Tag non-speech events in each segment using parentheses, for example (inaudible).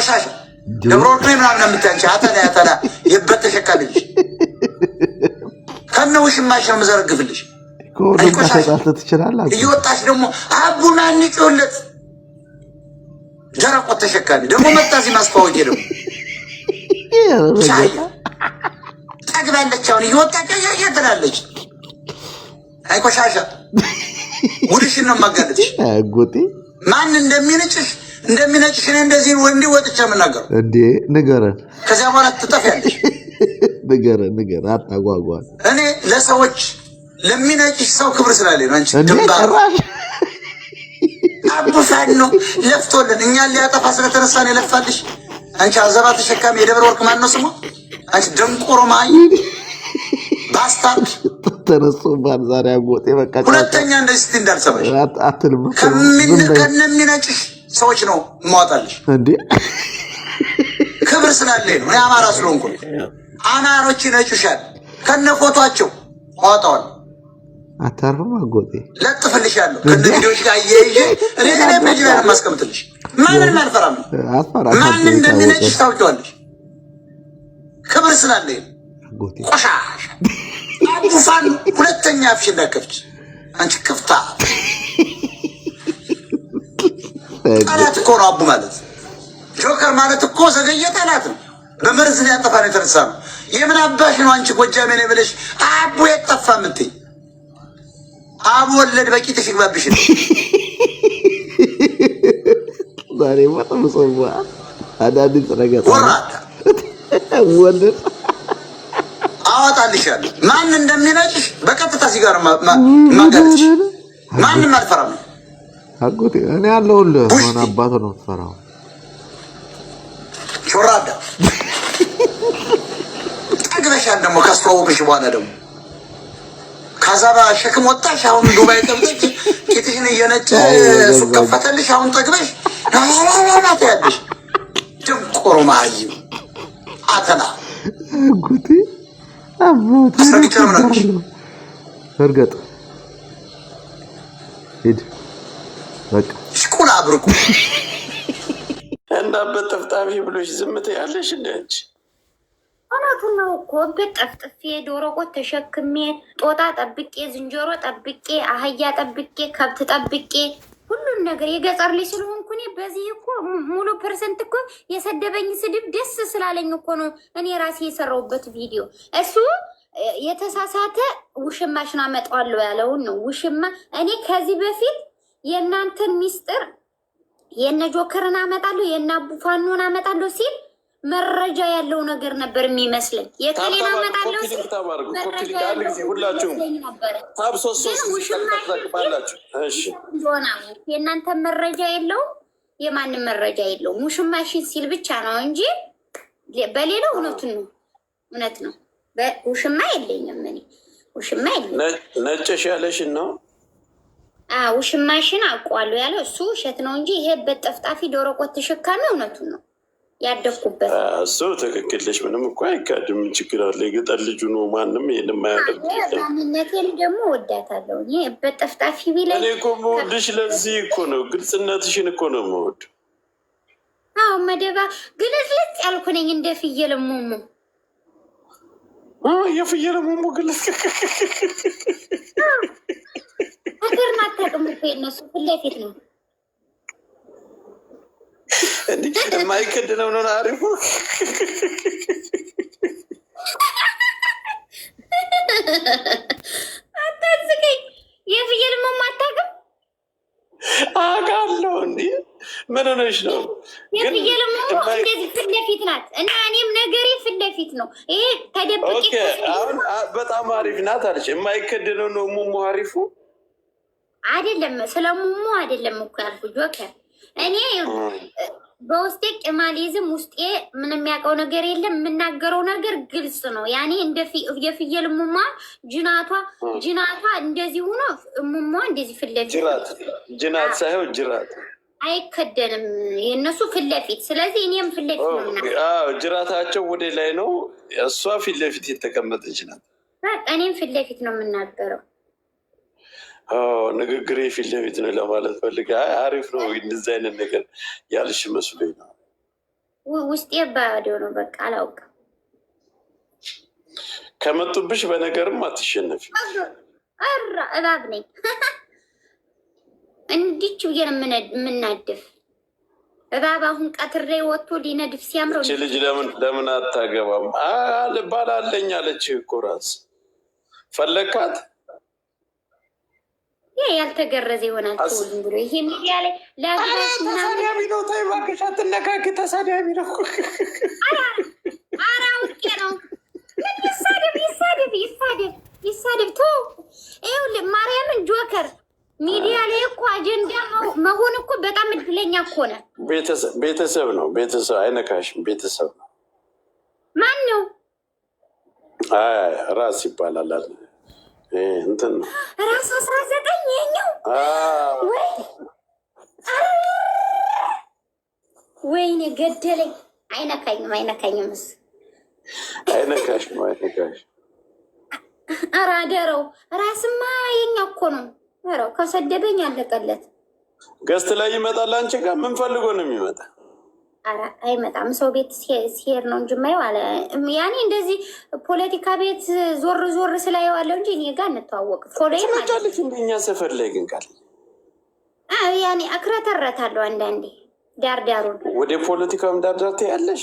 ቆሻሻ ደብረ ወርቅ ላይ ምናምን የምታንቺ አተና ያተና የበተሸካልሽ ከነ ውሽማሽ ነው የምዘረግፍልሽ። እየወጣሽ ደግሞ አቡና ደረቆት ተሸካሚ ደግሞ መጣ ደግሞ ጠግባለች። አሁን እየወጣች ነው የማጋለጥሽ። ማን እንደሚንጭሽ እንደሚነጭሽ እኔ እንደዚህ ወንድ ወጥቼ የምናገረው እንዴ? ንገረን። ከዚያ በኋላ ትጠፊያለሽ። (laughs) ንገረን፣ ንገረን፣ አታጓጓል። እኔ ለሰዎች ለሚነጭሽ ሰው ክብር ስላለኝ ነው። አንቺ ድንባር አቡፋን ነው ለፍቶልን እኛን ሊያጠፋ ስለተነሳ ነው የለፋልሽ። አንቺ አዘባ ተሸካሚ የደብረ ወርቅ ማን ነው ስሙ? አንቺ ደንቆሮ ማይ ባስታርድ ተነሶባል። ዛሬ አጎጤ በቃ ሁለተኛ እንደዚህ ስትይ እንዳልሰማሽ ከነሚነጭሽ ሰዎች ነው እማወጣልሽ ክብር ስላለ ነው። እኔ አማራ ስለሆንኩ አማሮች ይነጩሻል። ከነ ፎቷቸው ማወጣዋል አታርፍም። አጎጤ ለጥፍልሻለሁ ከነ ቪዲዮች ጋር እየይዤ እኔ ግን ፔጅ ያለ ማስቀምጥልሽ። ማንም አልፈራም። ማን እንደሚነጭሽ ታውቂዋለሽ። ክብር ስላለ ስላለኝ ቆሻሻ አቡፋን ሁለተኛ አፍሽ እንዳከፍች አንቺ ክፍታ ጠላት እኮ ነው አቡ ማለት ጆከር ማለት እኮ ዘገየ ጠላት ነው። በመርዝ ሊያጠፋ ነው የተነሳ ነው። የምን አባሽ ነው አንቺ ጎጃሜ ነው ብለሽ አቡ የጠፋ የምትይ አቡ ወለድ በቂጥሽ ይግባብሽ ነው። ዛሬ ጽዋ ወለድ አወጣልሻለሁ። ማን እንደሚነጭሽ በቀጥታ ሲጋር ማንም አልፈራም። አጎቴ እኔ ያለሁልህ ማን አባቱ ነው የምትፈራው። ሾራዳ ጠግበሻል። ደግሞ ካስተዋወቅሽ በኋላ ደግሞ ከዛባ ሸክም ወጣሽ። አሁን ዱባይ ጠብጠች ጌትሽን እየነጭ ሱቅ ከፈተልሽ። አሁን ጠግበሽ ናት ያለሽ ድንቆሮ መሀይም አተና አጎቴ አባቴ እርግጥ ሂድ ሽቁላ አብርቁ እና በጠፍጣፊ ብሎች ዝምት ያለሽ እንደች አንቺ ነው እኮ እብድ ጠፍጥፌ ዶሮ ቆት ተሸክሜ ጦጣ ጠብቄ ዝንጀሮ ጠብቄ አህያ ጠብቄ ከብት ጠብቄ ሁሉን ነገር የገጠር ልጅ ስለሆንኩ እኔ በዚህ እኮ ሙሉ ፐርሰንት እኮ የሰደበኝ ስድብ ደስ ስላለኝ እኮ ነው እኔ ራሴ የሰራሁበት ቪዲዮ እሱ የተሳሳተ ውሽማሽን አመጣዋለሁ ያለውን ነው ውሽማ እኔ ከዚህ በፊት የእናንተን ሚስጥር የነ ጆከርን አመጣለሁ የነ አቡፋኖን አመጣለሁ ሲል መረጃ ያለው ነገር ነበር የሚመስለኝ። የከሌን አመጣለሁ ሲል መረጃ ያለው ነበር። የእናንተን መረጃ የለውም፣ የማንም መረጃ የለውም። ውሽማሽን ሲል ብቻ ነው እንጂ በሌላው እውነቱን ነው። እውነት ነው። ውሽማ የለኝም እኔ ውሽማ የለኝም። ነጭሽ ያለሽን ነው ውሽማሽን አውቀዋለሁ ያለው እሱ ውሸት ነው እንጂ ይሄ በጠፍጣፊ ዶሮ ቆት ተሸካሚ እውነቱን ነው ያደግኩበት እሱ ትክክልሽ። ምንም እኮ አይካድም። ምን ችግር አለ? የገጠር ልጁ ነው። ማንም ይህን ማያደርግ ደግሞ ወዳታለሁ። ይህ በጠፍጣፊ ቢላ እኔ እኮ መውድሽ ለዚህ እኮ ነው። ግልጽነትሽን እኮ ነው መውድ። አዎ መደባ ግልጽልጽ ያልኩ ነኝ። እንደ ፍየል ሙሙ የፍየል ሙሙ ግልጽ ሀገር አታውቅም እኮ የነሱ ፊት ለፊት ነው። የማይከድ ነው ነው አሪፉ አታስቀኝ። የፍየል ማታቅም አታውቅም አውቃለሁ። እንዲህ ምን ሆነሽ ነው? የፍየል መማ እንደዚህ ፊት ለፊት ናት እና እኔም ነገሬ ፊት ለፊት ነው። ይሄ ተደብቄ በጣም አሪፍ ናት አለች። የማይከድ ነው ነው ሙሙ አሪፉ አይደለም ስለሙሙ አይደለም እኮ ያልኩ ጆከር። እኔ በውስጤ ቅማሌዝም ውስጤ ምን የሚያውቀው ነገር የለም። የምናገረው ነገር ግልጽ ነው። ያኔ የፍየል ሙሟ ጅናቷ ጅናቷ እንደዚህ ሆኖ ሙሟ እንደዚህ ፊት ለፊት ጅናት ሳይሆን ጅራት አይከደንም የእነሱ ፍለፊት ስለዚህ እኔም ፍለፊት ጅራታቸው ወደ ላይ ነው። እሷ ፊትለፊት የተቀመጠች ናት። እኔም ፊትለፊት ነው የምናገረው ንግግር የፊት ለፊት ነው ለማለት ፈልግ። አሪፍ ነው። እንደዚህ አይነት ነገር ያልሽ መስሎኝ ነው። ውስጤ ባዶ ነው። በቃ አላውቅም። ከመጡብሽ በነገርም አትሸነፊ። ኧረ እባብ ነኝ። (laughs) እንዲች ብዬ የምናድፍ እባብ። አሁን ቀትሬ ወጥቶ ሊነድፍ ሲያምረው ልጅ ለምን ለምን አታገባም? ባል አለኝ አለች እኮ እራስ ፈለካት ይሄ ያልተገረዘ ይሆናል ብሎ ይሄ ሚዲያ ላይ ተሳዳቢ ነው። ተይ እባክሽ አትነካክ፣ ተሳዳቢ ነው። ኧረ አውቄ ነው። ይሳደብ ይሳደብ ይሳደብ ይሳደብ። ቶ ይኸውልህ ማርያምን ጆከር ሚዲያ ላይ እኮ አጀንዳ መሆን እኮ በጣም እድለኛ እኮ ነህ። ቤተሰብ ነው ቤተሰብ አይነካሽም። ቤተሰብ ነው ማን ነው? ራስ ይባላል እንትን ነው ራስ አስራ ወይኔ ገደለኝ። አይነካኝም፣ አይነካኝም። እሱ አይነካሽም፣ አይነካሽም። ኧረ አደረው ራስማ የኛ እኮ ነው። ኧረ ከሰደበኝ አለቀለት። ገስት ላይ ይመጣል። አንቺ ጋር ምን ፈልጎ ነው የሚመጣ? አይመጣም። ሰው ቤት ሲሄድ ነው እንጂ የማየው አለ። ያኔ እንደዚህ ፖለቲካ ቤት ዞር ዞር ስላየዋለሁ እንጂ እኔ ጋር እንተዋወቅ ፎሎይማለች። እንደኛ ሰፈር ላይ ግን ቃል ያኔ አክረተረታለሁ አንዳንዴ ዳር ዳሩን ወደ ፖለቲካውም ዳርዳር ትያለሽ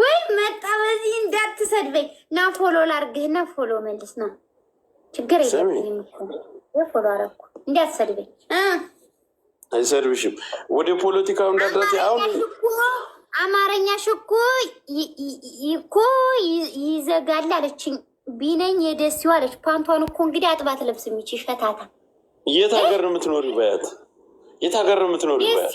ወይ መጣ በዚህ እንዳትሰድበኝ ና ፎሎ ላርግህና ፎሎ መልስ ና ችግር የለም ፎሎ አረኩ እንዳትሰድበኝ አይሰርብሽም። ወደ ፖለቲካው እንዳትረጪ። አሁን አማርኛሽ ሽኮ ይኮ ይዘጋል አለችኝ። ቢነኝ የደሲው አለች። ፓንቷን እኮ እንግዲህ አጥባት ለብስ የሚች ይሸታታ። የት ሀገር ነው የምትኖሪ? በያት የት ሀገር ነው የምትኖሪ? በያት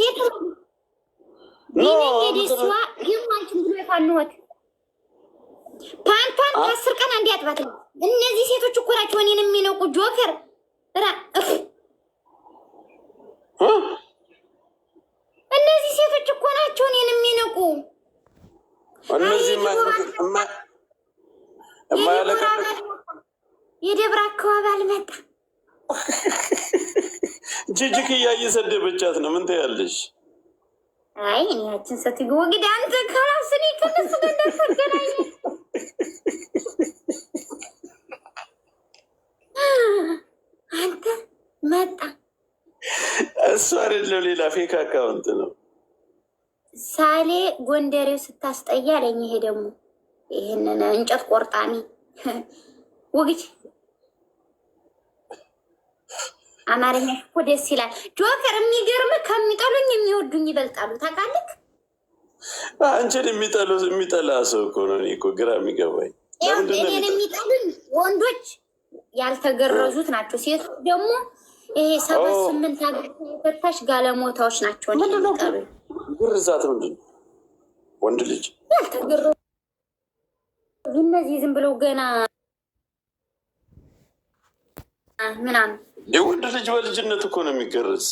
ፓንቷን ከአስር ቀን አንዴ አጥባት ለብስ። እነዚህ ሴቶች እኮ ናቸው እኔን የሚነቁ ጆከር ራ እነዚህ ሴቶች እኮ ናቸው እኔን የሚንቁ። እነዚህ የደብረ አካባቢ አልመጣ ጅጅክ እየሰደበቻት ነው። ምን ትያለሽ? አይ እኔያችን ያችን ሴትዮ ወግድ አንተ ከራስ እኔ ከነሱ ጋር እንዳትገናኝ አንተ መጣ እሱ አይደለም፣ ሌላ ፌክ አካውንት ነው። ሳሌ ጎንደሬው ስታስጠያ ለኝ። ይሄ ደግሞ ይህንን እንጨት ቆርጣሚ (laughs) ውግጅ አማርኛ እኮ ደስ ይላል። ጆከር የሚገርም ከሚጠሉኝ የሚወዱኝ ይበልጣሉ። ታውቃለህ፣ አንቺን የሚጠሉ የሚጠላ ሰው እኮ ነው። እኮ ግራ የሚገባኝ እኔን የሚጠሉኝ ወንዶች ያልተገረዙት ናቸው። ሴቶች ደግሞ ይሄ ሰባት ስምንት ሀገር ፈታሽ ጋለሞታዎች ናቸው። ግርዛት ምንድን ነው? ወንድ ልጅ ያልተገረ እነዚህ ዝም ብለው ገና ምናምን የወንድ ልጅ በልጅነት እኮ ነው የሚገረዝ።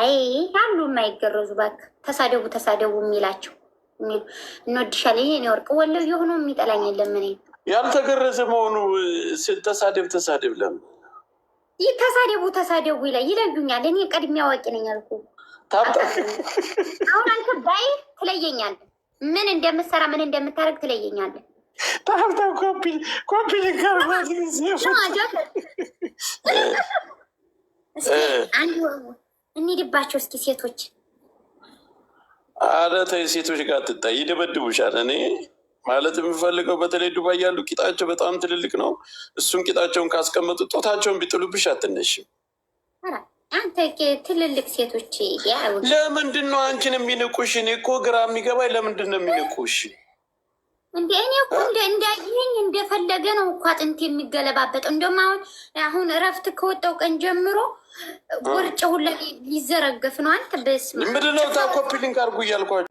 አይ አሉ የማይገረዙ እባክህ፣ ተሳደቡ ተሳደቡ የሚላቸው የሚሉ እንወድሻለን ይሄ ወርቅ ወለው የሆነው የሚጠላኝ የለም። እኔ ያልተገረዘ መሆኑ ተሳደብ ተሳደብ ለምን ተሳደቡ ተሳደቡ ይላል። ይለዩኛል። እኔ ቀድሜ አዋቂ ነኝ አልኩ። አሁን አንተ ባይ ትለየኛለህ። ምን እንደምትሰራ ምን እንደምታደርግ ትለየኛለህ። ታብታ ኮፒ ኮፒ እንሂድባቸው እስኪ ሴቶች። ኧረ ተይ ሴቶች ጋር ትታይ ይደበድቡሻል። እኔ ማለት የምፈልገው በተለይ ዱባይ ያሉ ቂጣቸው በጣም ትልልቅ ነው። እሱን ቂጣቸውን ካስቀመጡ ጦታቸውን ቢጥሉብሽ አትነሽም። አንተ ትልልቅ ሴቶች ለምንድን ነው አንቺን የሚንቁሽ? እኔ እኮ ግራ የሚገባኝ ለምንድን ነው የሚንቁሽ? እንደ እኔ እኮ እንዳየኝ እንደፈለገ ነው እኮ አጥንት የሚገለባበጥ። እንደውም አሁን አሁን እረፍት ከወጣው ቀን ጀምሮ ወርጭ ሁላ ሊዘረገፍ ነው። አንተ በስመ አብ ምንድን ነው ታኮፒ አድርጉ እያልኳቸው